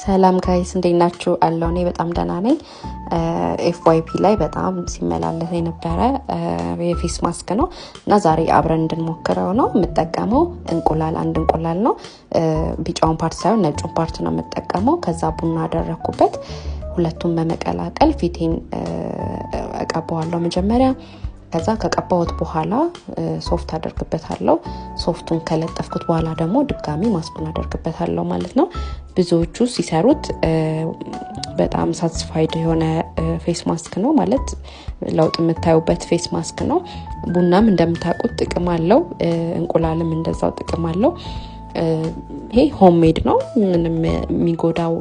ሰላም ጋይስ እንዴት ናችሁ? አለው እኔ በጣም ደህና ነኝ። ኤፍዋይፒ ላይ በጣም ሲመላለስ የነበረ የፌስ ማስክ ነው እና ዛሬ አብረን እንድንሞክረው ነው የምጠቀመው። እንቁላል አንድ እንቁላል ነው። ቢጫውን ፓርት ሳይሆን ነጩን ፓርት ነው የምጠቀመው። ከዛ ቡና አደረግኩበት። ሁለቱን በመቀላቀል ፊቴን እቀባዋለሁ መጀመሪያ ከዛ ከቀባሁት በኋላ ሶፍት አደርግበታለሁ። ሶፍቱን ከለጠፍኩት በኋላ ደግሞ ድጋሚ ማስኩን አደርግበታለው ማለት ነው። ብዙዎቹ ሲሰሩት በጣም ሳትስፋይድ የሆነ ፌስ ማስክ ነው ማለት ለውጥ የምታዩበት ፌስ ማስክ ነው። ቡናም እንደምታውቁት ጥቅም አለው። እንቁላልም እንደዛው ጥቅም አለው። ይሄ ሆምሜድ ነው። ምንም የሚጎዳው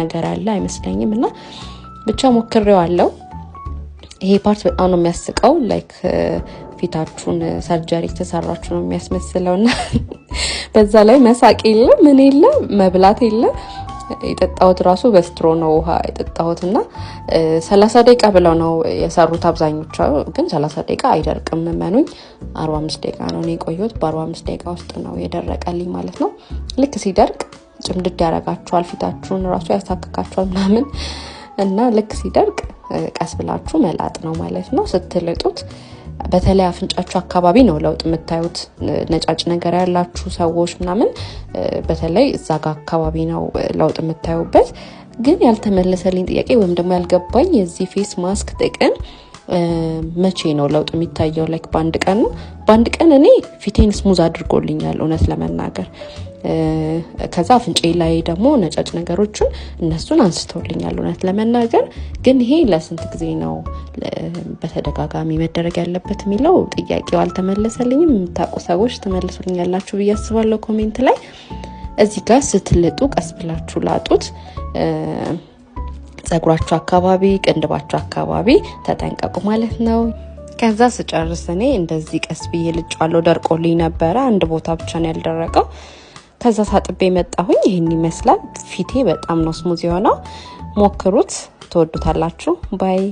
ነገር አለ አይመስለኝም እና ብቻ ሞክሬው አለው። ይሄ ፓርት በጣም ነው የሚያስቀው። ላይክ ፊታችሁን ሰርጀሪ ተሰራችሁ ነው የሚያስመስለው እና በዛ ላይ መሳቅ የለም ምን የለም መብላት የለም። የጠጣሁት ራሱ በስትሮ ነው ውሃ የጠጣሁት እና ሰላሳ ደቂቃ ብለው ነው የሰሩት አብዛኞቹ። ግን ሰላሳ ደቂቃ አይደርቅም መኑኝ አርባ አምስት ደቂቃ ነው እኔ የቆየሁት። በአርባ አምስት ደቂቃ ውስጥ ነው የደረቀልኝ ማለት ነው። ልክ ሲደርቅ ጭምድድ ያረጋችኋል ፊታችሁን ራሱ ያሳክካችኋል ምናምን እና ልክ ሲደርቅ ቀስ ብላችሁ መላጥ ነው ማለት ነው ስትልጡት በተለይ አፍንጫችሁ አካባቢ ነው ለውጥ የምታዩት። ነጫጭ ነገር ያላችሁ ሰዎች ምናምን በተለይ እዛ ጋር አካባቢ ነው ለውጥ የምታዩበት። ግን ያልተመለሰልኝ ጥያቄ ወይም ደግሞ ያልገባኝ የዚህ ፌስ ማስክ ጥቅም መቼ ነው ለውጥ የሚታየው? ላይክ በአንድ ቀን ነው? በአንድ ቀን እኔ ፊቴን ስሙዝ አድርጎልኛል እውነት ለመናገር ከዛ አፍንጬ ላይ ደግሞ ነጫጭ ነገሮችን እነሱን አንስተውልኛል። እውነት ለመናገር ግን ይሄ ለስንት ጊዜ ነው በተደጋጋሚ መደረግ ያለበት የሚለው ጥያቄው አልተመለሰልኝም። የምታውቁ ሰዎች ትመልሱልኛላችሁ ብዬ አስባለሁ ኮሜንት ላይ። እዚህ ጋር ስትልጡ ቀስ ብላችሁ ላጡት። ጸጉራችሁ አካባቢ፣ ቅንድባችሁ አካባቢ ተጠንቀቁ ማለት ነው። ከዛ ስጨርስ እኔ እንደዚህ ቀስ ብዬ ልጫለው ደርቆልኝ ነበረ። አንድ ቦታ ብቻ ነው ያልደረቀው። ከዛ ሳጥቤ መጣሁኝ። ይህን ይመስላል ፊቴ። በጣም ነው ስሙዝ የሆነው። ሞክሩት፣ ትወዱታላችሁ። ባይ